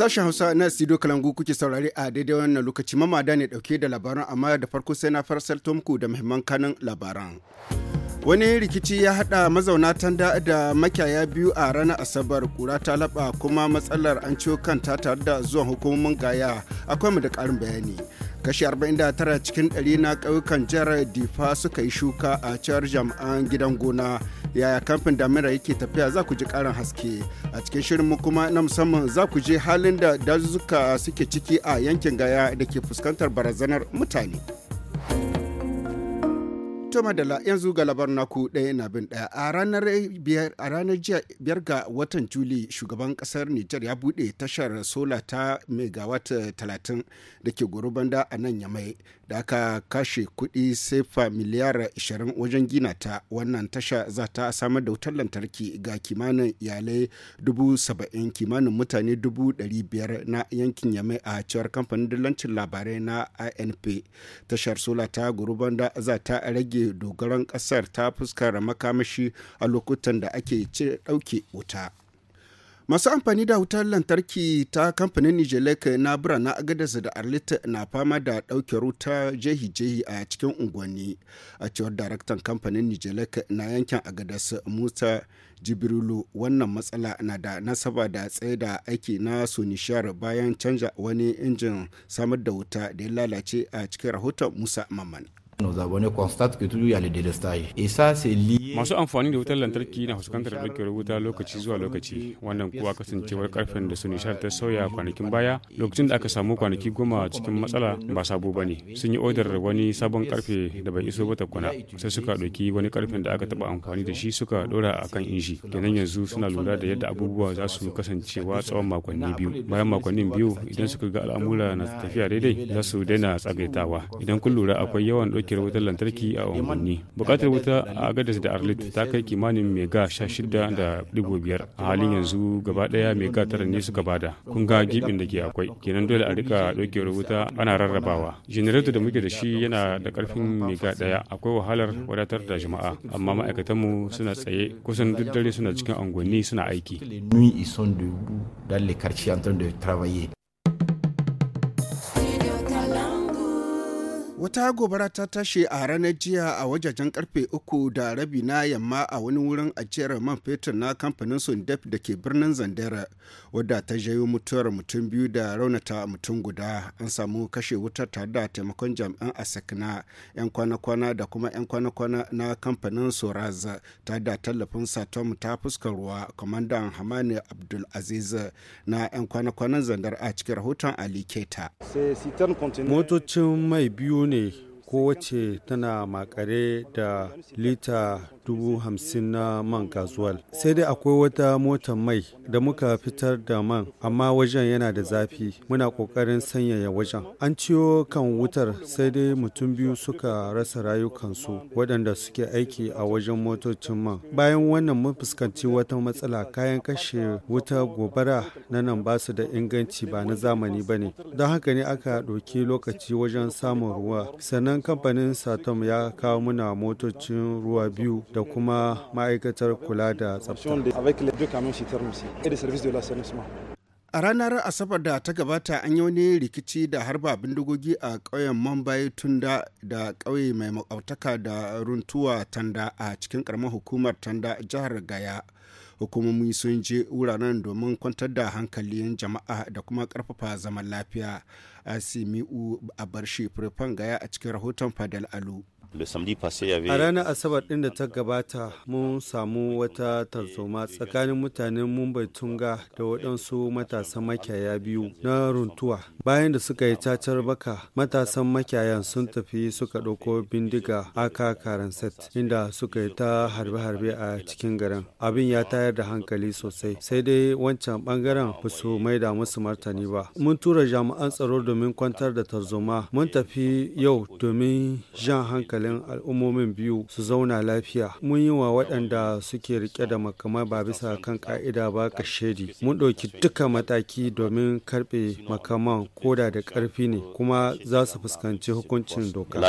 Sashen Hausa na sido Kalangu kuke saurari a daidai wannan lokaci mamada ne dauke da labaran amma da farko sai na farsar muku da muhimman kanin labaran. Wani rikici ya hada mazauna tanda da makiyaya biyu a ranar Asabar kura ta laba kuma matsalar an ciwo ta tare da zuwan hukumomin gaya akwai mu da karin bayani. Kashi 49 cikin 100 na kauyukan jihar Difa suka yi shuka a cewar jami'an gidan gona. yaya kamfin damira yake tafiya za ku ji karin haske a cikin shirinmu kuma na musamman za ku je halin da dazuka suke ciki a yankin gaya da ke fuskantar barazanar mutane. To madala yanzu ga labar naku ɗaya na bin ɗaya a ranar biyar a ranar jiya biyar ga watan Juli shugaban kasar Nijar ya buɗe tashar sola ta megawatt talatin da ke goro banda a nan yamai da aka kashe kuɗi sefa miliyar ishirin wajen gina ta wannan tasha za ta samar da wutar lantarki ga kimanin iyalai dubu saba'in kimanin mutane dubu ɗari biyar na yankin yamai a cewar kamfanin dillancin labarai na INP tashar sola ta goro banda za ta rage rage dogaran kasar ta fuskar makamashi a lokutan da ake ɗauke wuta. masu amfani da wutar lantarki ta kamfanin nijelek na na agadas da arlita na fama da ɗauke ruta jehi-jehi a cikin unguwanni a cewar daraktan kamfanin nijelek na yankin agadas musa jibrilu wannan matsala na da nasaba da tsaye da aiki na su nishiyar bayan canja wani injin samar da wuta da ya lalace a cikin rahoton musa mamman Masu amfani da wutar lantarki na fuskantar ɗaukewar wuta lokaci zuwa lokaci, wannan kuwa kasancewar karfen da su nishar ta sauya kwanakin baya lokacin da aka samu kwanaki goma cikin matsala ba sabo ba ne. Sun yi odar wani sabon karfe da bai iso ba kwana sai suka ɗauki wani karfen da aka taɓa amfani da shi suka ɗora a kan inji. Kenan yanzu suna lura da yadda abubuwa za su kasancewa tsawon makonni biyu. Bayan makonnin biyu idan suka ga al'amura na tafiya daidai za su daina tsagaitawa. Idan kun lura akwai yawan ɗauke ɗauke wutar lantarki a unguwanni bukatar wuta a agadas da arlit ta kai kimanin mega sha shida da dubu biyar a halin yanzu gaba ɗaya mega tara ne suka bada kun ga gibin da ke akwai kenan dole a rika ɗaukewar wuta ana rarrabawa generator da muke da shi yana da ƙarfin mega ɗaya akwai wahalar wadatar da jama'a amma ma'aikatanmu suna tsaye kusan duk dare suna cikin unguwanni suna aiki. Wata gobara ta tashi a ranar jiya a wajajen karfe uku da rabi na yamma a wani wurin ajiyar man fetur na kamfanin Sundef da ke birnin Zandera, wadda ta jayo mutuwar mutum biyu da raunata mutum guda. An samu kashe wutar tare da taimakon jami'an Asekna, 'yan kwana-kwana da kuma 'yan kwana-kwana na kamfanin Soraz ta da tallafin Satom ta fuskar ruwa, kwamandan Hamani Abdul Aziz na 'yan kwana-kwanan Zandar a cikin rahoton Ali Keta. Motocin mai biyu Juni kowace tana makare da lita dubu hamsin na man gasuwal sai dai akwai wata motar mai da muka fitar da man amma wajen yana da zafi muna kokarin sanyaya wajen an ciwo kan wutar sai dai mutum biyu suka rasa rayukansu waɗanda suke aiki a wajen motocin man bayan wannan mun fuskanci wata matsala kayan kashe wuta gobara na nan ba su da inganci ba na zamani ba ne don haka ne aka ɗauki lokaci wajen samun ruwa sannan Bayan kamfanin Satom ya kawo muna motocin ruwa biyu da kuma ma'aikatar kula da tsafta. A ranar Asabar da ta gabata an yi wani rikici da harba bindigogi a ƙauyen Mumbai Tunda da ƙauye mai makautaka da Runtuwa Tanda a cikin ƙaramin hukumar Tanda jihar Gaya. hukumomi sun je wuraren domin kwantar da hankalin jama'a da kuma karfafa zaman lafiya a simi'u a barshe gaya a cikin rahoton fadal alu A ranar Asabar ɗin da ta gabata mun samu wata tarzoma tsakanin mutanen Mumbai Tunga da waɗansu matasan makiyaya biyu na runtuwa. Bayan da suka yi tacar baka, matasan makiyayan sun tafi suka ɗauko bindiga aka set inda suka yi ta harbe-harbe a cikin garin. Abin ya tayar da hankali sosai, sai dai wancan ɓangaren ba su da musu martani ba. Mun tura jami'an tsaro domin kwantar da tarzoma, mun tafi yau domin jan hankali hankalin al'ummomin biyu su zauna lafiya mun yi wa waɗanda suke rike da makamai ba bisa kan ka'ida ba ka shaidi mun ɗauki duka mataki domin karɓe makaman koda da ƙarfi ne kuma za su fuskanci hukuncin doka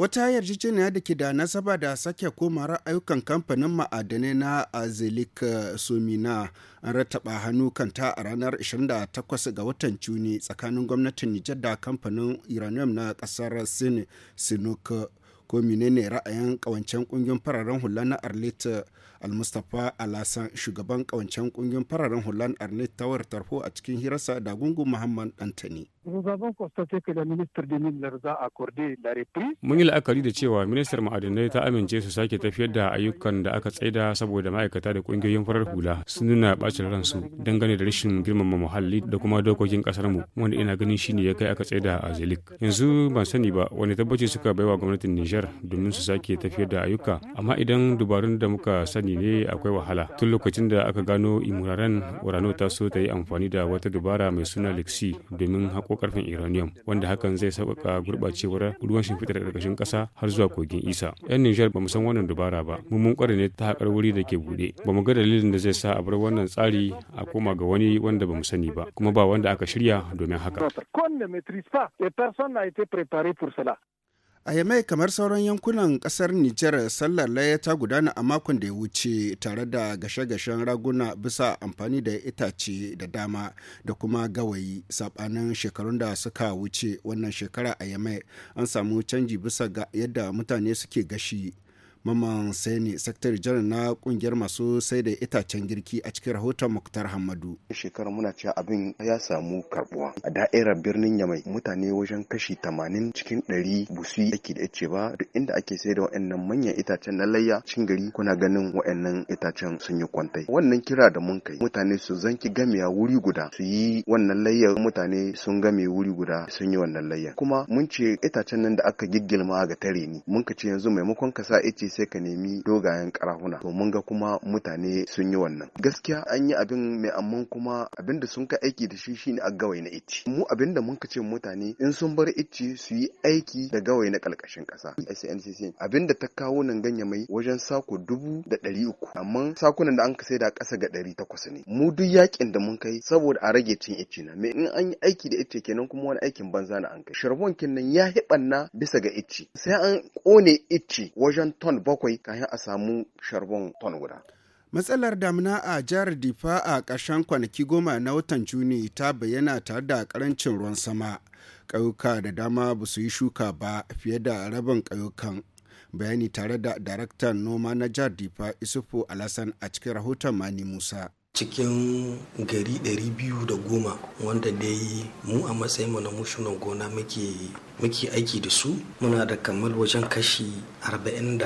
Wata yarjejeniya da ke da nasaba da sake koma ayyukan kamfanin ma'adanai na Azelik eh, sumina an rattaba hannu kanta a ranar 28 ga watan Juni tsakanin gwamnatin Nijar da kamfanin Uranium na kasar Sin Sinuk ko menene ra'ayin kawancen kungiyar fararen hula na arlit eh, almustapha alasan shugaban kawancen kungiyar fararen hula na arlit tawar tarho a cikin hirarsa da gungun muhammad antani accordé Mun yi la'akari da cewa ministar ma'adinai ta amince su sake tafiyar da ayyukan da aka tsaida saboda ma'aikata da kungiyoyin farar hula sun nuna bacin ransu dangane da rashin girmama muhalli da kuma dokokin kasar mu wanda ina ganin shi ne ya kai aka tsaida a Zelik. Yanzu ban sani ba wani tabbaci suka baiwa gwamnatin Nijar domin su sake tafiyar da ayyuka amma idan dubarun da muka sani ne akwai wahala tun lokacin da aka gano imuraren Urano ta so ta yi amfani da wata dubara mai suna Lexi domin haƙo ko karfin uranium wanda hakan zai sauƙaƙa gurɓacewar ruwan shimfiɗar ƙarƙashin ƙasa har zuwa kogin isa yan nijar ba mu san wannan dubara ba mu mun ƙware ne ta haƙar wuri da ke buɗe ba mu ga dalilin da zai sa a bar wannan tsari a koma ga wani wanda ba mu sani ba kuma ba wanda aka shirya domin haka A Yamai kamar sauran yankunan kasar Nijar sallar laye ta gudana a makon da ya wuce tare da gashe-gashen raguna bisa amfani da itace da dama da kuma gawayi sabanin shekarun da suka wuce wannan shekara a Yamai an samu canji bisa ga yadda mutane suke gashi. Maman Saini, Sakatare Janar na kungiyar masu sai da itacen girki a cikin rahoton Muktar Hamadu. shekara muna cewa abin ya samu karbuwa. A da'irar birnin Yamai mutane wajen kashi tamanin cikin ɗari busu yake da ice ba duk inda ake sai da wa'annan manyan itacen na layya cikin gari kuna ganin wa'annan itacen sun yi kwantai. Wannan kira da mun kai mutane su zanki gamiya wuri guda su yi wannan layyar mutane sun game wuri guda sun yi wannan layyar. Kuma mun ce itacen nan da aka giggilma ga tare ni mun ka ce yanzu maimakon ka sa ice sai ka nemi dogayen karahuna to mun ga kuma mutane sun yi wannan gaskiya an yi abin mai amman kuma abin da sun ka aiki da shi shine a gawai na icci. mu abin da mun ka ce mutane in sun bar icci su yi aiki da gawai na kalkashin kasa SNCC abin da ta kawo nan ganye mai wajen sako dubu da ɗari uku amma sakunan da an ka da ƙasa ga ɗari takwas ne mu duk yakin da mun kai saboda a rage cin icci na me in an yi aiki da icce kenan kuma wani aikin banza na an kai sharbon nan ya hiɓanna bisa ga ici sai an ƙone icci wajen ton bakwai kafin a samu sharbon ton guda. Matsalar damina a jihar Difa a ƙarshen kwanaki goma na watan Juni ta bayyana tare da ƙarancin ruwan sama. Ƙauyuka da dama ba su yi shuka ba fiye da rabin ƙauyukan. Bayani tare da Daraktan Noma na jihar Difa Isufu Alasan a cikin rahoton Mani Musa. cikin gari 210 wanda dai mu a matsayin na mushunan gona muke muke aiki da su muna da kamar wajen kashi 49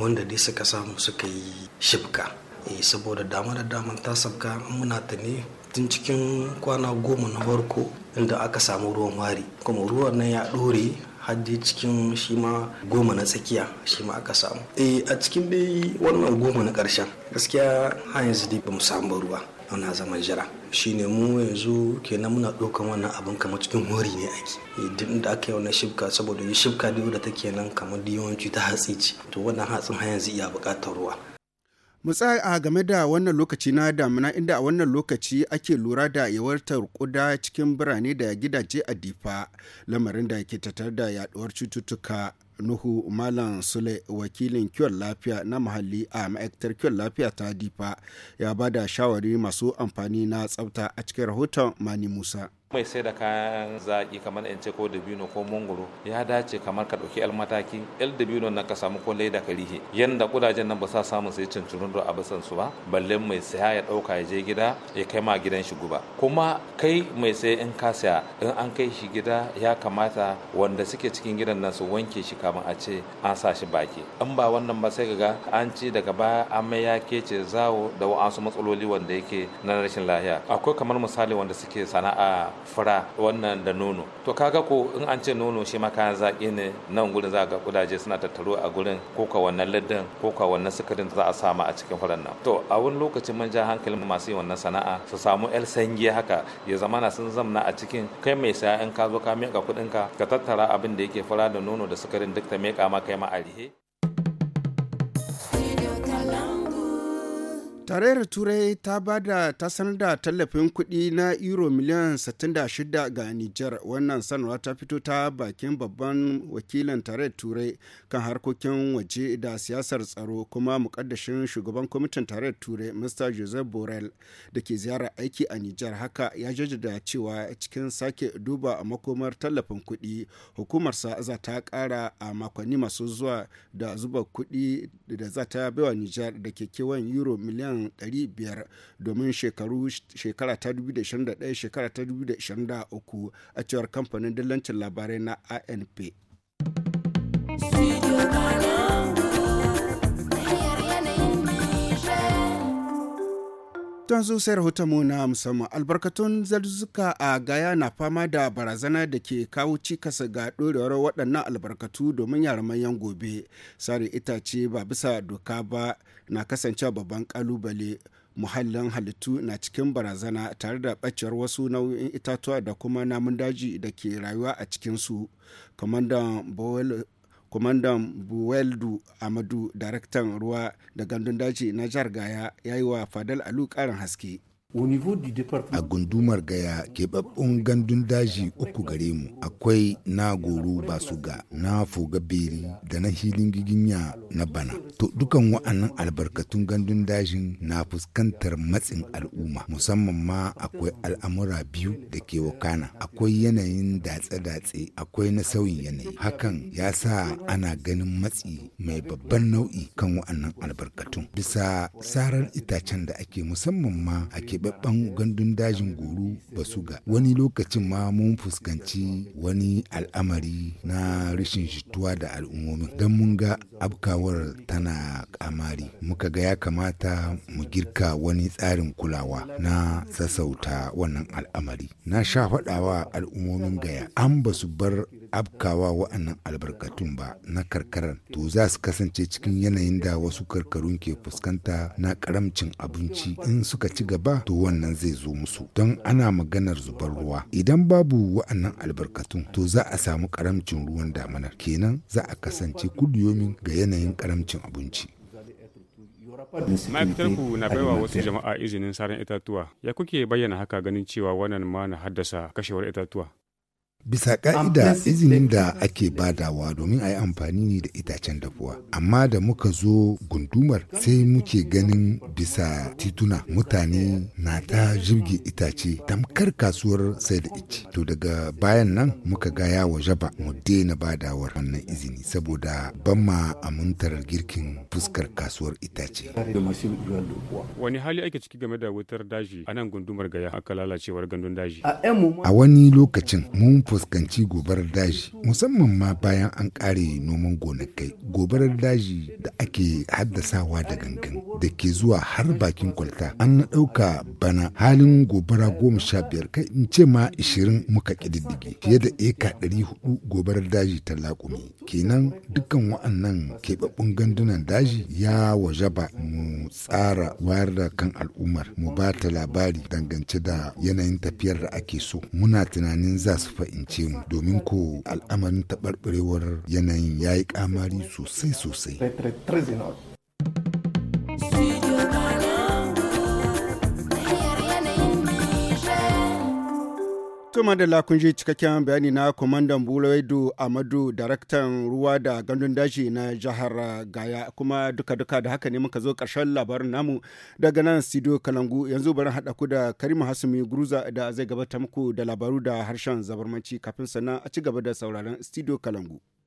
wanda dai suka samu suka yi shibka eh, saboda dama da daman ta sabka muna ta ne tun cikin kwana goma na farko inda aka samu ruwan wari kuma ruwan nan ya ɗore je cikin shi ma goma na tsakiya shi ma aka samu eh a cikin dai wannan goma na ƙarshen gaskiya har yanzu dai ba mu samu ruwa ana zaman jira ne mu yanzu kenan muna ɗaukan wannan abin kamar cikin hori ne ake eh, duk da aka yi wannan shifka saboda shifka da take nan kamar yawanci ta hatsi ce to wannan hatsin har yanzu iya buƙatar ruwa mu a game da wannan lokaci na damina inda a wannan lokaci ake lura da yawartar kuda cikin birane da gidaje a difa lamarin da ke tattar da yaduwar cututtuka nuhu malam sule wakilin kiwon lafiya na muhalli a ma'aikatar kiwon lafiya ta difa ya bada shawari masu amfani na tsafta a cikin rahoton mani musa mai sai da kayan zaki kamar in ce ko dabino ko mongoro ya dace kamar ka ɗauki el mataki el dabino na ka samu ko laida ka rihe yanda kudajen nan ba sa samun sai cincirin a bisan su ba balle mai saya ya ɗauka ya je gida ya kai ma gidan shi guba kuma kai mai sai in ka saya in an kai shi gida ya kamata wanda suke cikin gidan nan su wanke shi kamar a ce an sa shi baki in ba wannan ba sai ga an ci daga baya mai ya kece zawo da wa'ansu matsaloli wanda yake na rashin lafiya akwai kamar misali wanda suke sana'a fura wannan da nono to kaga ko in an ce nono shi ma kayan zaƙi ne nan gurin za ga kudaje suna tattaro a gurin ko ka wannan ladin ko ka wannan sukarin za a sama a cikin furan nan to a wani lokacin mun ja hankalin masu yin wannan sana'a su samu el sange haka ya zamana sun zamna a cikin kai mai saya in ka zo ka miƙa kuɗinka ka tattara abin da yake fura da nono da sukarin duk ta miƙa ma kai ma a tarayyar turai ta bada ta sanar da tallafin kuɗi na euro miliyan 66 ga niger wannan sanarwa ta fito ta bakin babban wakilin tarayyar turai kan harkokin waje da siyasar tsaro kuma mukaddashin shugaban kwamitin tarayyar turai mr joseph borrell da ke ziyarar aiki a niger haka ya jajjada cewa cikin sake duba makomar tallafin kuɗi hukumarsa za ta ƙara a makonni masu zuwa da zuba kuɗi da za ta baiwa niger da ke kewan euro miliyan miliyan 500 domin shekaru shekara ta 2021 shekara ta 2023 a cewar kamfanin dillancin labarai na anp Don su sai rahotonmu na musamman albarkatun zarzuka a gaya na fama da barazana da ke kawo cikasa ga ɗorewar waɗannan albarkatu domin yaran manyan gobe. Sare itace ba bisa doka ba na kasance babban kalubale muhallin halittu na cikin barazana tare da ɓacewar wasu nau'in itatuwa da kuma namun daji da ke rayuwa a cikinsu. kamandan kwamandan buweldu amadu daraktan ruwa da gandun daji na jihar gaya ya yi wa fadal alu karin haske A gundumar gaya keɓaɓɓun gandun daji uku gare mu akwai na goro basuga na fogaberi da na hilin giginya na bana. To dukan wa'annan albarkatun gandun dajin na fuskantar matsin al'umma musamman ma akwai al'amura biyu da ke wakana. Akwai yanayin datse-datse akwai na sauyin yanayi. Hakan ya sa ana ganin matsi mai babban nau'i kan wa'annan albarkatun. Bisa sarar itacen da ake musamman ma ake keɓaɓɓen gandun dajin goro ba su ga. wani lokacin ma mun fuskanci wani al'amari na rashin jituwa da al'ummomin don mun ga abkawar tana kamari muka ga ya kamata mu girka wani tsarin kulawa na sassauta wannan al'amari na sha faɗawa al'ummomin gaya an ba su bar abkawa wa'annan albarkatun ba na karkarar to za su kasance cikin yanayin da wasu karkarun ke fuskanta na karamcin abinci in suka ci gaba to wannan zai zo musu don ana maganar zubar ruwa idan babu wa'annan albarkatun to za a samu karamcin ruwan damanar kenan za a kasance kudiyomin ga yanayin karamcin abinci ma'aikatar ku na baiwa wasu jama'a izinin saran itatuwa ya kuke bayyana haka ganin cewa wannan ma na haddasa kashewar itatuwa Bisa ka'ida izinin da ake badawa domin a yi amfani ne da itacen dafuwa. Amma da muka zo gundumar sai muke ganin bisa tituna mutane na ta jirgi itace tamkar kasuwar sai da ice. To daga bayan nan muka gaya yawa jaba mu daina badawar wannan izini saboda ban ma amintar girkin fuskar kasuwar itace. Wani hali ake ciki game da wutar daji a nan gundumar gaya aka lalacewar gandun daji? A wani lokacin mun fuskanci gobarar daji musamman ma bayan an ƙare noman gonakai gobarar daji da ake haddasawa da gangan da ke zuwa har bakin kwalta an na ɗauka bana halin gobara goma sha biyar kai in ce ma ishirin muka ƙididdige fiye da eka ɗari hudu gobarar daji ta lakumi kenan dukkan wa'annan keɓaɓɓun gandunan daji ya wajaba mu tsara wayar da kan al'ummar mu ba ta labari dangance da yanayin tafiyar da ake so muna tunanin za su fa'in fahimce mu domin ko al'amarin taɓarɓarewar yanayin ya yi ƙamari sosai-sosai. Tuma da lakunji cikakken bayani na kwamandan bulawaidu Amadu daraktan ruwa da gandun daji na jihar Gaya kuma duka-duka da haka ne muka zo karshen labarin namu daga nan studio Kalangu yanzu bari haɗa ku da Karima Hasumi Guruza da zai gabata muku da labaru da harshen zabarmanci kafin sannan a ci gaba da sauraron studio Kalangu.